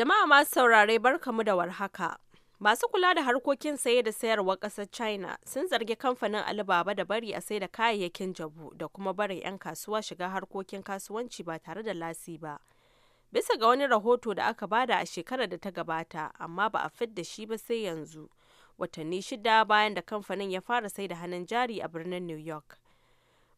Jama'a masu saurare barkamu da warhaka. Masu kula da harkokin saye da sayarwar ƙasar China sun zargi kamfanin Alibaba da bari a sai da kayayyakin jabu da kuma barin 'yan kasuwa shiga harkokin kasuwanci ba tare da lasi ba. Bisa ga wani rahoto da aka bada a shekarar da ta gabata, amma ba a fit da shi ba sai yanzu, watanni shida bayan da kamfanin ya fara sai da hannun jari a birnin New York.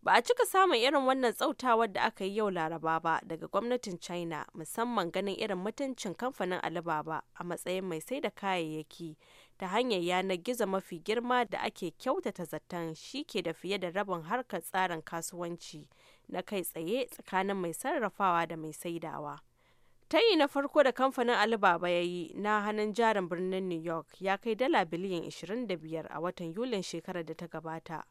Ba a cika samun irin wannan tsautawar da aka yi yau Laraba ba daga gwamnatin China musamman ganin irin mutuncin kamfanin Alibaba a matsayin mai sai da kayayyaki ta hanyar yanar gizo mafi girma da ake kyautata zaton shi ke da fiye da rabin harkar tsarin kasuwanci na kai tsaye tsakanin mai sarrafawa da mai saidawa. Tayi na farko da kamfanin Alibaba ya yi na hannun jarin birnin New York ya kai dala biliyan 25 a watan Yulin shekarar da ta gabata.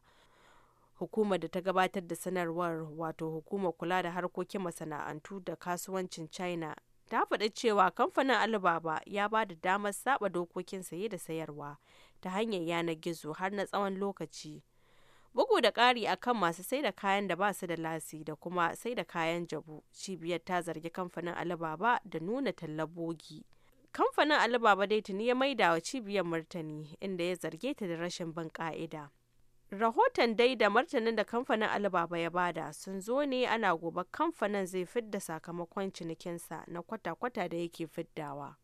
hukumar da ta gabatar da sanarwar wato hukumar kula da harkokin masana'antu da kasuwancin china ta faɗi cewa kamfanin alibaba ya ba da damar saba dokokin saye da sayarwa ta hanyar yanar gizo har na tsawon lokaci bugu da ƙari akan masu sai da kayan da ba su da lasi da kuma sai da kayan jabu cibiyar ta zargi kamfanin alibaba da nuna tallabogi kamfanin alibaba dai tuni ya maida wa cibiyar martani inda ya zarge ta da rashin bin ƙa'ida Rahoton dai da martanin da kamfanin Alibaba ya bada sun zo ne ana gobe kamfanin zai fidda sakamakon cinikinsa na kwata-kwata da yake fiddawa.